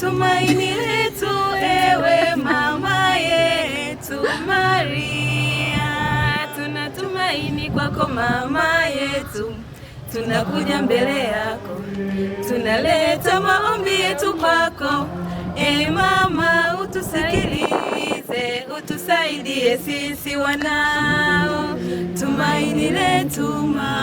tumaini letu, ewe mama yetu Maria, tunatumaini kwako mama yetu, tunakuja mbele yako, tunaleta maombi yetu kwako. E mama, utusikilize, utusaidie sisi wanao, tumaini letu mama.